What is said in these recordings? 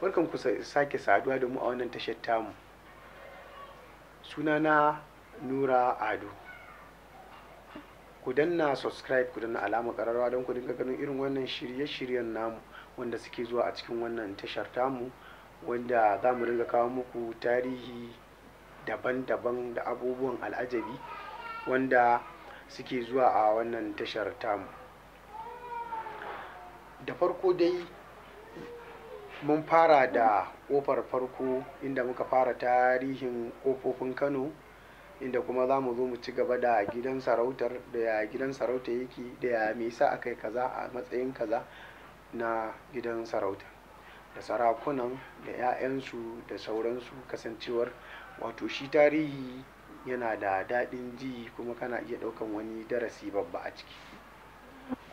barkan ku sake saduwa da mu a wannan tashar tamu sunana nura ado ku danna subscribe ku danna alamar kararrawa don ku dinga ganin irin wannan shirye-shiryen namu wanda suke zuwa a cikin wannan tashar tamu wanda za mu dinga kawo muku tarihi daban-daban da abubuwan al'ajabi wanda suke zuwa a wannan tashar tamu da farko dai mun fara da kofar farko inda muka fara tarihin kofofin kano inda kuma za mu zo mu ci gaba da gidan sarautar da ya gidan sarauta yake da ya me sa aka yi kaza a matsayin kaza na gidan sarauta da sarakunan da 'ya'yansu da sauransu kasancewar wato shi tarihi yana da daɗin ji kuma kana iya ɗaukan wani darasi babba a ciki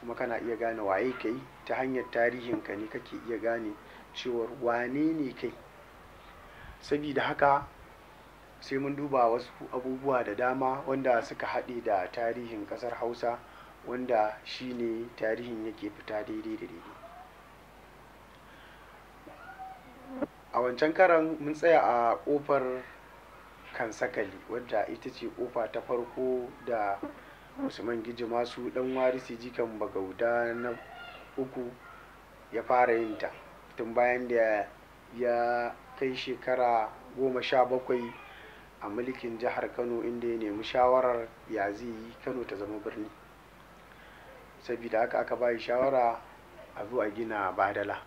kuma kana iya gane waye kai ta hanyar tarihinka ne kake iya gane cewar wane ne kai sabida haka sai mun duba wasu abubuwa da dama wanda suka haɗe da tarihin ƙasar hausa wanda shi ne tarihin yake fita daidai da daidai a wancan karan mun tsaya a ƙofar kansakali wadda ita ce ƙofa ta farko da usman giji masu ɗan warisi jikan bagauda na uku ya fara yin ta tun bayan da ya kai shekara goma sha bakwai a mulkin jihar kano inda ya nemi shawarar ya zai yi kano ta zama birni saboda haka aka bayi shawara a zuwa gina badala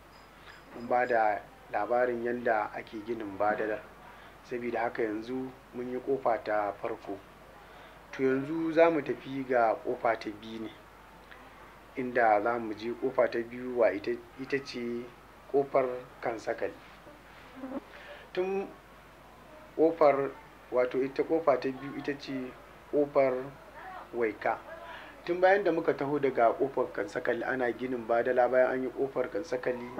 mun ba da labarin yadda ake ginin badala saboda haka yanzu mun yi kofa ta farko to yanzu za mu tafi ga kofa ta biyu ne inda za mu je kofa ta biyu wa ita ce kofar kan sakali tun kofar wato ita kofa ta biyu ita ce kofar waika tun bayan da muka taho daga kofar kan sakali ana ginin badala bayan an yi kofar kan sakali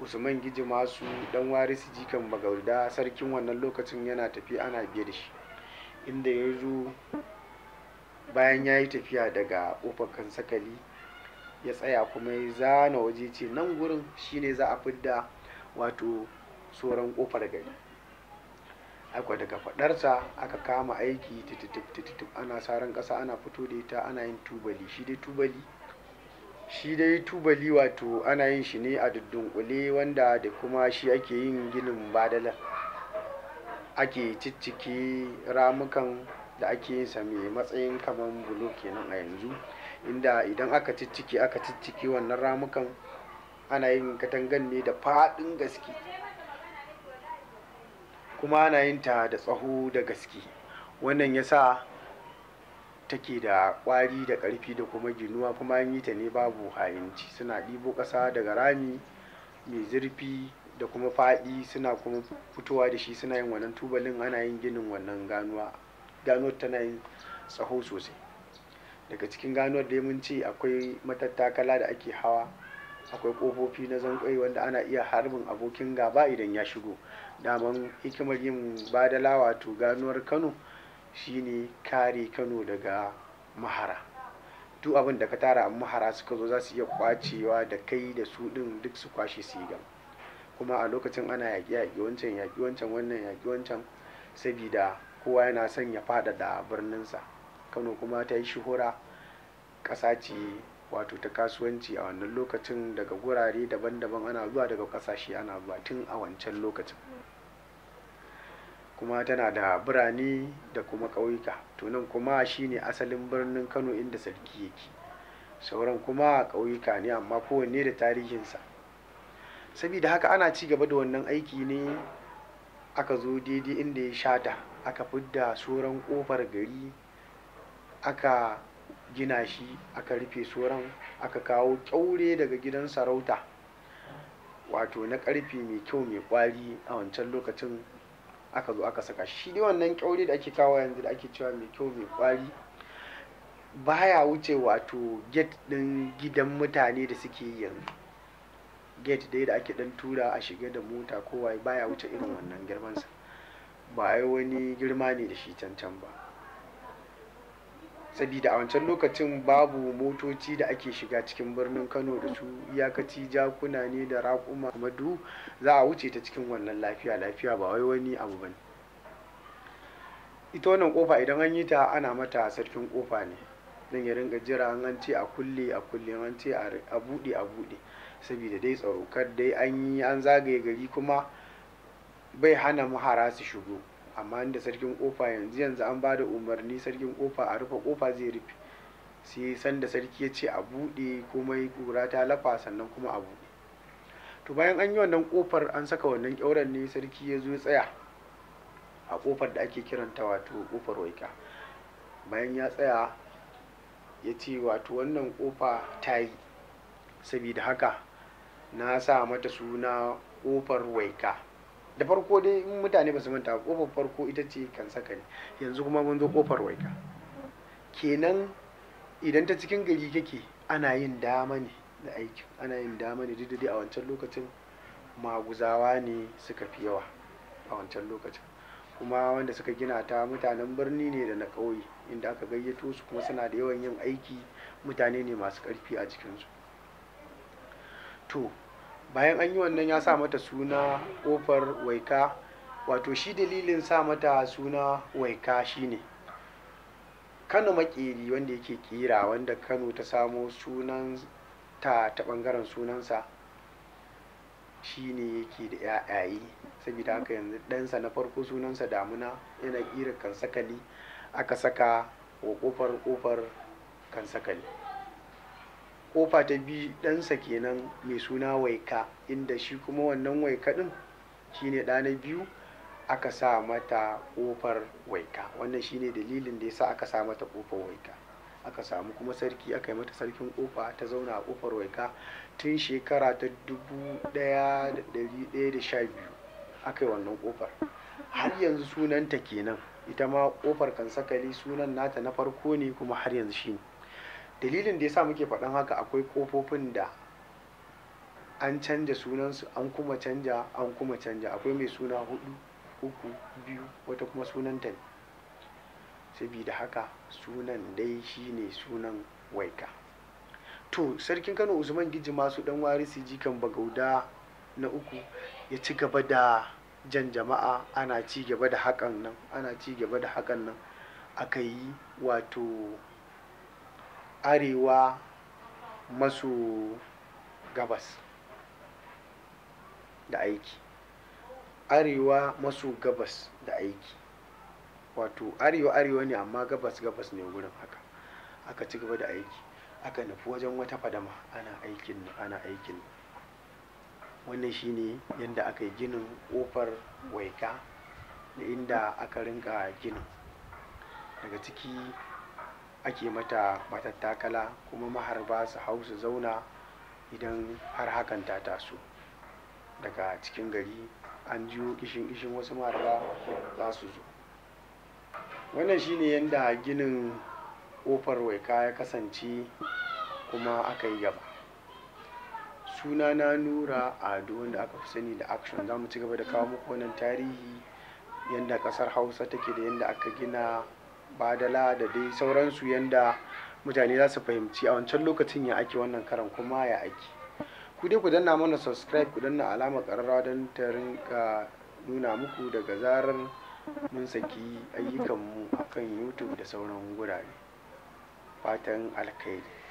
usman giji masu dan wari su jikan bagauda sarkin wannan lokacin yana tafi ana biye da shi inda ya zo bayan ya yi tafiya daga kofar kan sakali ya tsaya kuma ya zana waje ce nan gurin shine za a fidda wato tsoron kofar gari akwai daga fadarsa aka kama aiki tititip ana saran kasa ana fito da ita ana yin tubali shi dai tubali shi dai tubali wato ana yin shi ne a kule wanda da kuma shi ake yin ginin badala ake ciccike ramukan da ake yin sa mai matsayin kamar bulo kenan a yanzu inda idan aka cicciki aka cicciki wannan ramukan ana yin katangan ne da faɗin gaske kuma ana yin ta da tsaho da gaske wannan ya sa take da ƙwari da ƙarfi da kuma ginuwa kuma an yi ta ne babu hayanci suna ɗibo ƙasa daga rami mai zurfi da kuma faɗi suna kuma fitowa da shi suna yin wannan tubalin ana yin ginin wannan ganuwa ganuwar tana yin tsaho sosai daga cikin ganuwar da mun ce akwai matattakala da ake hawa akwai ƙofofi na zankwai wanda ana iya harbin abokin gaba idan ya shigo daman hikimar yin badala wato ganuwar kano shine kare kano daga mahara duk abin da ka tara a mahara suka zo za su iya kwacewa da kai da su ɗin duk su kwashe su yi gama kuma a lokacin ana yaƙi yaƙi wancan yaƙi wancan wannan yaƙi wancan sabida kowa yana son ya faɗaɗa birninsa kano kuma ta yi shuhura ƙasa ce wato ta kasuwanci a wannan lokacin daga gurare daban-daban ana zuwa daga ƙasashe ana zuwa tun a wancan lokacin kuma tana da birane da kuma ƙauyuka to nan kuma shine asalin birnin kano inda sarki yake sauran kuma ƙauyuka ne amma kowanne da tarihinsa saboda haka ana ci gaba da wannan aiki ne aka zo daidai inda ya shata aka fidda sauran ƙofar gari aka gina shi aka rufe sauran aka kawo kyaure daga gidan sarauta wato na karfe mai kyau mai kwari a wancan lokacin aka zo aka saka shi ne wannan kyaure da ake kawo yanzu da ake cewa mai kyau mai kwari baya wuce wato gate din gidan mutane da suke yi yanzu gate dai da ake dan tura a shiga da mota kowa baya wuce irin wannan girmansa ba ai wani girma ne da shi cancan ba sabida a wancan lokacin babu motoci da ake shiga cikin birnin kano da su iyakaci jakuna ne da raƙuma kuma duk za a wuce ta cikin wannan lafiya lafiya ba wai wani abu bane ita wannan kofa idan an yi ta ana mata sarkin kofa ne don ya ringa jira an ce a kulle a kulle an ce a buɗe a buɗe saboda dai tsaro kar dai an yi an zagaye gari kuma bai hana mahara su shigo amma inda sarkin kofa yanzu yanzu an ba da umarni sarkin kofa a rufe kofa zai rufe sai sanda sarki ya ce a buɗe komai kura ta lafa sannan kuma a buɗe to bayan an yi wannan kofar an saka wannan kyauren ne sarki ya zo tsaya a kofar da ake kiranta wato kofar waika bayan ya tsaya ya ce wato wannan kofa ta yi saboda haka na sa mata suna kofar waika da farko dai in mutane ba su manta kofar farko ita ce kan saka ne yanzu kuma mun zo kofar waika kenan idan ta cikin gari kake ana yin dama ne da aikin ana yin dama ne duk a wancan lokacin maguzawa ne suka fi yawa a wancan lokacin kuma wanda suka gina ta mutanen birni ne da na ƙauye inda aka gayyato su kuma suna da yawan yin aiki mutane ne masu ƙarfi a jikinsu to bayan an yi wannan ya sa mata suna ƙofar waika wato shi dalilin sa mata suna waika shine kano makeri wanda yake kira wanda kano ta samo sunan ta ta bangaren sunansa shine yake da yayaye saboda haka yanzu ɗansa na farko sunansa damuna yana kira kansakali aka saka wa ƙofar kofar kansakali kofa ta bi ɗansa kenan mai suna waika inda shi kuma wannan waika ɗin shine ɗa na biyu aka sa mata kofar waika wannan shine dalilin da ya sa aka sa mata kofar waika aka samu kuma sarki aka yi mata sarkin kofa ta zauna a kofar waika tun shekara ta ɗaya da da 1112 aka yi wannan kofar har yanzu sunanta kenan ita ma kofar kansakali sunan nata na farko ne kuma har yanzu shi dalilin da yasa muke faɗan haka akwai ƙofofin da an canja sunansu an kuma canja an kuma canja akwai mai suna hudu uku biyu wata kuma sunanta ne sabida haka sunan dai shine sunan waika to sarkin kano usman giji masu dan warisi jikan bagauda na uku ya ci gaba da jan jama'a ana ci gaba da hakan nan ana ci gaba da hakan nan aka yi wato arewa maso gabas da aiki arewa maso gabas da aiki wato arewa arewa ne amma gabas gabas ne wurin haka aka ci gaba da aiki aka nufi wajen wata fadama ana aikin ana aikin wannan shine yadda aka yi ginin kofar waika da inda aka rinka ginin daga ciki ake mata matattakala kuma maharba su hau su zauna idan har hakan ta taso daga cikin gari an jiyo kishin-kishin wasu maharba za su zo wannan shine yadda ginin ƙofar waika ya kasance kuma aka yi gaba suna na nura ado wanda aka fi sani da action za mu ci gaba da kawo muku wannan tarihi yadda ƙasar hausa take da yadda aka gina badala da dai sauransu yadda mutane za su fahimci a wancan lokacin ya ake wannan karan kuma ya ake ku dai ku danna mana subscribe ku danna alamar karara don ta rinka nuna muku daga zarar mun saki ayyukanmu kan youtube da sauran gurare fatan alkhairi